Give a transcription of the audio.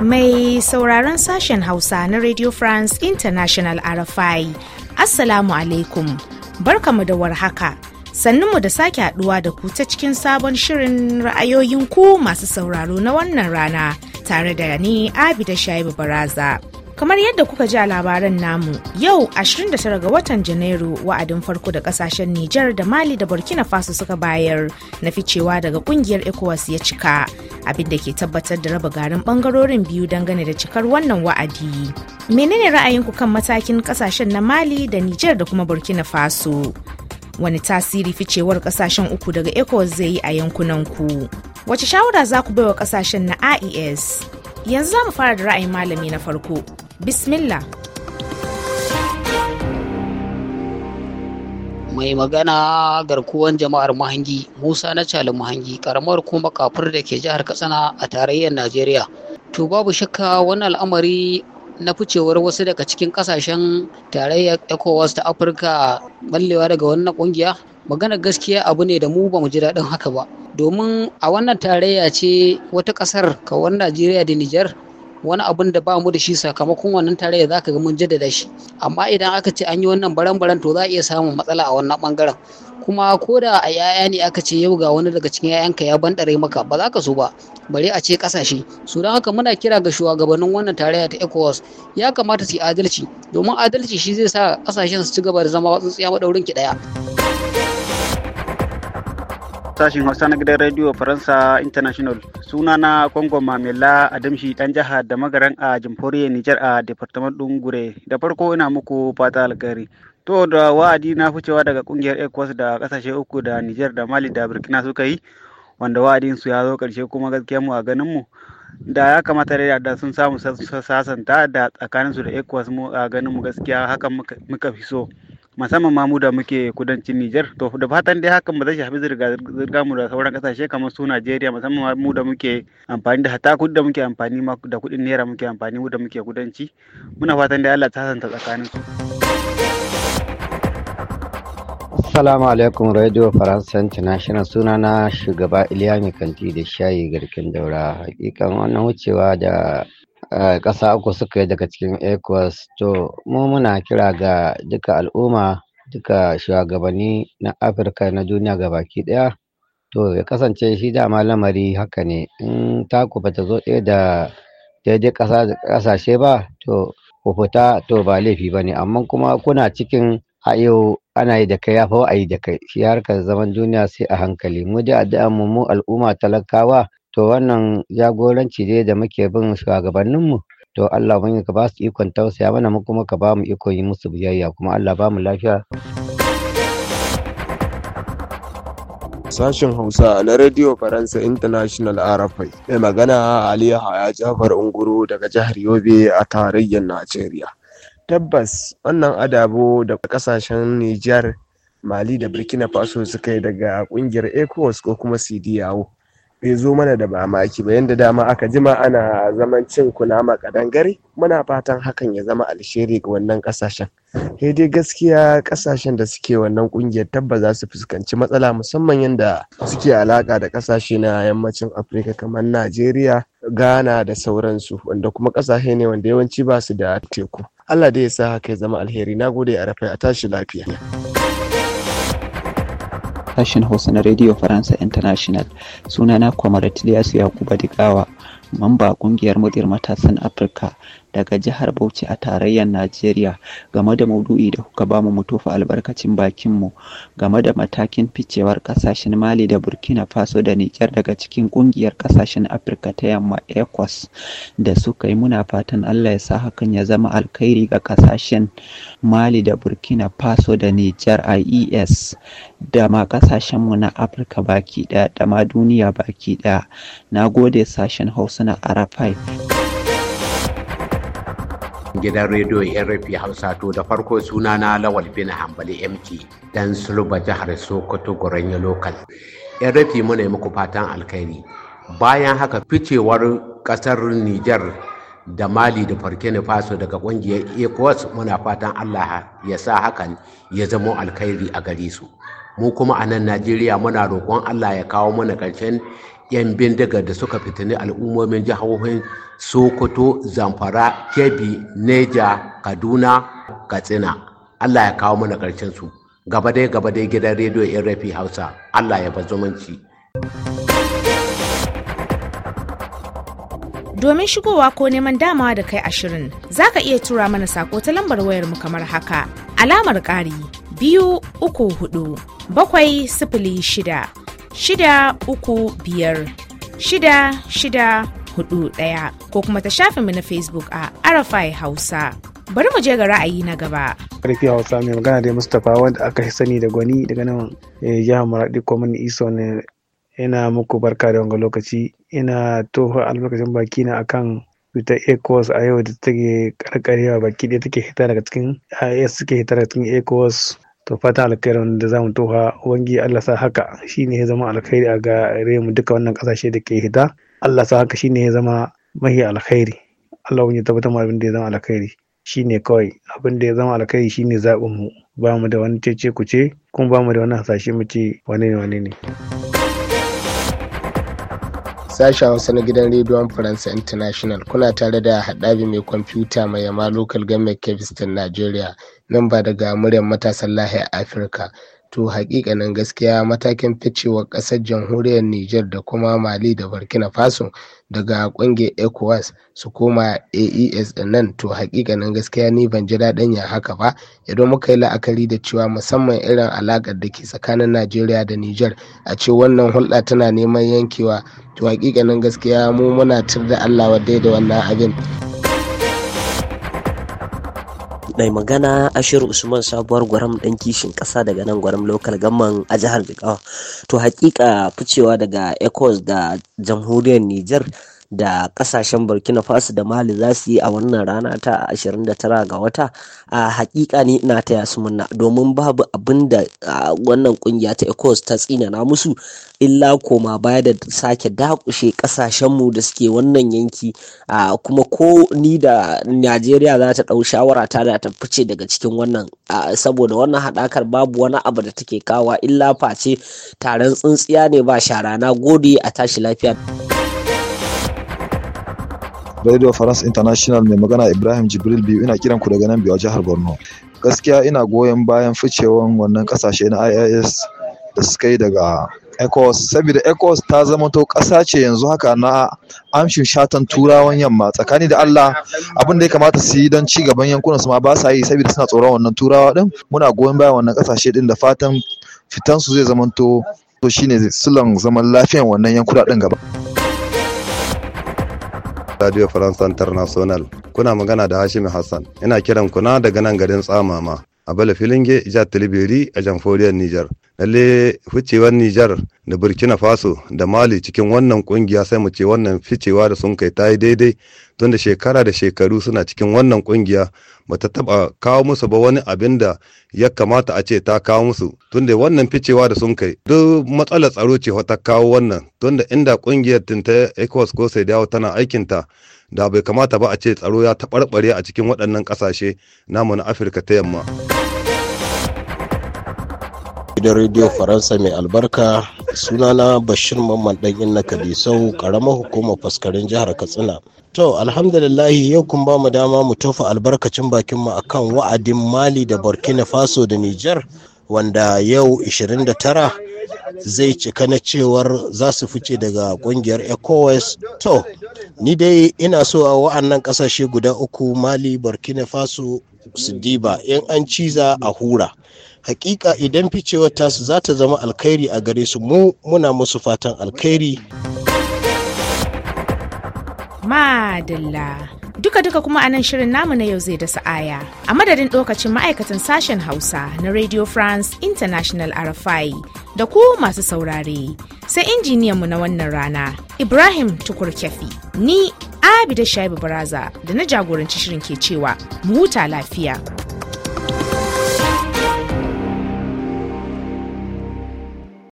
Mai sauraron sashen Hausa na Radio France International RFI, Assalamu alaikum, barkamu da warhaka. Sannunmu da sake haɗuwa da ku ta cikin sabon shirin ra'ayoyin ku masu sauraro na wannan rana tare da ni Abida Shaibu Baraza. Kamar yadda kuka ji a labaran namu, yau 29 ga watan Janairu wa'adin farko da kasashen Nijar da Mali da Burkina Faso suka bayar na ficewa daga kungiyar ECOWAS ya cika, abinda ke tabbatar da raba garin bangarorin biyu dangane da cikar wannan wa'adi. Menene ra'ayinku kan matakin kasashen na Mali da Nijar da kuma Burkina Faso? Wani tasiri ficewar kasashen uku daga ECOWAS zai yi a yankunanku? Wace shawara za ku wa kasashen na IES? Yanzu za mu fara da ra'ayin malami na farko. Bismillah. mai magana garkuwan jama'ar mahangi musa na cali mahangi karamar kuma kafur da ke jihar katsina a tarayyar najeriya to babu shakka wani al'amari na ficewar wasu daga cikin kasashen tarayyar ecowas ta afirka ballewa daga wannan ƙungiya? maganar gaskiya abu ne da mu ba mu ji daɗin haka ba domin a wannan tarayya ce wata ƙasar kawar najeriya da nijar wani abun da ba mu da shi sakamakon wannan tarayya za ka ga mun jaddada shi amma idan aka ce an yi wannan baran-baran to za a iya samun matsala a wannan bangaren kuma ko da a yaya ne aka ce yau ga wani daga cikin yayanka ya bandare maka ba za ka so ba Bari a ce kasashe su don haka muna kira ga shugabannin wannan tarayya ta ecowas ya kamata su yi adalci domin adalci shi zai sa kasashen su ci gaba da zama tsuntsiya madaurin ki daya. sashen Hausa na gidan Radio Faransa International. Suna na Kongo Mamela Adamshi dan jihar da magaran a jamhuriyar Nijar a Departement ɗin Gure. Da farko ina muku fata alkhairi. To da wa'adi na ficewa daga kungiyar ECOWAS da kasashe uku da Nijar da Mali da Burkina suka yi wanda wa'adin su ya zo karshe kuma gaskiya mu a ganin mu da ya kamata da da sun samu sasanta da tsakaninsu da ECOWAS mu a ganin mu gaskiya hakan muka fi so. musamman ma mu da muke kudancin Nijar to da fatan dai hakan ba zai shafi zirga zirga mu da sauran kasashe kamar su Najeriya musamman mu da muke amfani da hata kudi da muke amfani da kudin naira muke amfani mu da muke kudanci muna fatan dai Allah ta hasanta tsakanin su Assalamu alaikum Radio France International suna na shugaba Iliya Kanti da shayi garkin daura hakikan wannan wucewa da Eh, ƙasa uku suka yi daga cikin ecowas to mu muna kira ga duka al'umma duka shugabanni na afirka na duniya ga baki ɗaya to ya kasance shi dama lamari haka ne in taku ba ta zo ɗaya da daidai ƙasashe ba to ku fita to ba laifi ba ne amma kuma kuna cikin ayo ana yi da kai ya wa a yi da kai shi harkar zaman duniya sai a hankali mu da addu'an mu al'umma talakawa to wannan jagoranci ne da muke bin shugabanninmu to Allah mun ka ba su ikon tausaya mana mu kuma ka ba mu ikon yi musu biyayya kuma Allah ba mu lafiya Sashen Hausa na Radio Faransa International Arafai mai magana Ali Yahaya Jafar Unguru daga jihar Yobe a tarayyar Najeriya. Tabbas wannan adabo da kasashen Nijar, Mali da Burkina Faso suka yi daga kungiyar ECOWAS ko kuma CDAO. bai zo mana da mamaki ba yadda dama aka jima ana zaman cin kunama kadangare muna fatan hakan ya zama alsheri ga wannan kasashen dai gaskiya kasashen da suke wannan kungiyar tabba za su fuskanci matsala musamman yadda suke alaka da kasashe na yammacin afirka kamar najeriya ghana da sauransu wanda kuma kasashe ne wanda yawanci ba su da teku allah dai ya sa haka ya zama alheri na gode a rafai a tashi lafiya sashen Hausa na Radio Faransa International. Sunana Kwamarat Liyasu Yakuba Digawa. mamba kungiyar mudir matasan Afirka daga jihar Bauchi a tarayyar Najeriya game da maudu'i da kuka bamu mu tofa albarkacin bakinmu, game da matakin ficewar kasashen Mali da Burkina Faso da Nijar daga cikin kungiyar kasashen Afirka ta Yamma ecos da suka yi muna fatan Allah ya sa hakan ya zama alkhairi ga kasashen Mali da Burkina Faso da Nijar IES da ma kasashenmu na Afirka baki daya da ma duniya baki na gode sashen Hausa a rafai gidan rediyon rfi hausa to da farko suna na lawal bin hambali mt dan sulba jihar sokoto goranya local rfi muna muku fatan alkhairi bayan haka ficewar kasar Nijar da mali da burkina faso daga kungiyar ecowas muna fatan allah ya sa hakan ya zamo alkhairi a gare su mu kuma a nan najeriya muna roƙon allah ya kawo mana ƙarshen 'yan bindiga da suka fitini al'ummomin jihohin sokoto zamfara kebbi neja kaduna katsina allah ya kawo mana ƙarshen su gaba dai gaba dai gidan rediyo rafi hausa allah ya bazumanci. domin shigowa ko neman dama da kai ashirin za ka iya tura mana sako ta lambar wayar mu kamar haka alamar kari biyu uku hudu bakwai sifili shida shida uku biyar shida shida hudu ɗaya ko kuma ta shafi mu na facebook a arafai hausa bari mu je ga ra'ayi na gaba karfi hausa mai magana da mustapha wanda aka sani da gwani daga nan eh, jihar maradi kwamin iso ne ina muku barka da wanga lokaci ina toho albarkacin baki na akan cutar ecos a yau da take karkarewa baki ɗaya take hita daga cikin is eh, suke hita daga cikin ecos to fata alkhairi wanda za mu toha wangi Allah sa haka shine ya zama alkhairi a gare mu duka wannan kasashe da ke hita Allah sa haka shine ya zama mahi alkhairi Allah wani tabbatar abin da ya zama alkhairi shine kawai abin da ya zama alkhairi shine zaɓin mu ba mu da wani cece kuce kuma ba mu da wani hasashe mu ce wane ne wane ne Sashen Hausa na gidan Rediyon Faransa International kuna tare da haɗabi mai kwamfuta mai yama Local Government Kevistan Nigeria nan ba daga muryar matasan lahiyar Afirka. To haƙiƙanin gaskiya matakin ficewar kasar jamhuriyar Nijar da kuma Mali da Burkina Faso daga ƙungiyar ECOWAS su koma AES nan to haƙiƙanin gaskiya ni ban ji daɗin ya haka ba idan muka yi la'akari da cewa musamman irin alaƙar da ke tsakanin Najeriya da Nijar a ce wannan hulɗa tana neman yankewa to haƙiƙanin gaskiya mu muna tur da Allah wadai da wannan abin. Mai magana a Ashiru Usman sabuwar gwaram ɗan kishin ƙasa daga nan gwaram lokal gamman a jihar Jigawa. To hakika ficewa daga Ecos da jamhuriyar Nijar da kasashen burkina faso da mali za su yi a wannan rana ta 29 ga wata a hakika ne ina taya su munna domin babu abin da wannan kungiya ta ecos ta tsina na musu illa koma baya da sake dakushe mu da suke wannan yanki kuma ko ni da najeriya za ta dau shawara ta da ta fice daga cikin wannan saboda wannan haɗakar babu wani abu da take kawa illa face taron tsintsiya ne ba shara na gode a tashi lafiya radio france international mai magana ibrahim jibril biyu ina kiran ku daga nan biyu a jihar borno gaskiya ina goyon bayan ficewan wannan kasashe na iis da suka yi daga ecos saboda ecos ta zama to ƙasa ce yanzu haka na amshin shatan turawan yamma tsakani da allah abin da ya kamata su yi don ci gaban yankunan su ma ba sa yi saboda suna tsoron wannan turawa din muna goyon bayan wannan kasashe din da fatan fitansu zai zama to shine silan zaman lafiyan wannan yankuna din gaba. Radio France International. Kuna magana da Hashim Hassan. Ina kiran kuna daga nan garin Tsamama. a bala filinge jihar tilbiri a jamhuriyar ni'jar lalle ficewar niger da burkina faso da mali cikin wannan kungiya sai mu ce wannan ficewa da sun kai ta yi daidai tun da shekara da shekaru suna cikin wannan kungiya bata ta taba kawo musu ba wani abin da ya kamata a ce ta kawo musu tunda wannan ficewa da sun kai duk matsalar tsaro ce ta kawo wannan tunda inda kungiyar tinta ecos ko sai dawo tana aikinta da bai kamata ba a ce tsaro ya taɓarɓare a cikin waɗannan ƙasashe namu na afirka ta yamma. gidan rediyo faransa mai albarka sunana bashir mamman ɗan inna kadisau karamar hukumar faskarin jihar katsina To Alhamdulillah yau kun ba mu dama mu tofa albarkacin bakin mu akan wa'adin Mali da Burkina Faso da Niger, wanda yau 29 zai cika na cewar za su fice daga kungiyar ECOWAS. To, ni dai ina so a wa'annan kasashe guda uku Mali, Burkina Faso, su diba in an ciza a hura. Hakika idan ficewar tasu za ta zama alkhairi a gare su mu muna musu fatan alkhairi. madalla duka-duka kuma a nan shirin namu na yau zai da sa'aya a madadin lokacin ma'aikatan sashen hausa na radio france international rfi da ku masu saurare sai injiniyan mu na wannan rana ibrahim tukur kyafi ni abida shaibu baraza da na jagoranci shirin ke cewa mu huta lafiya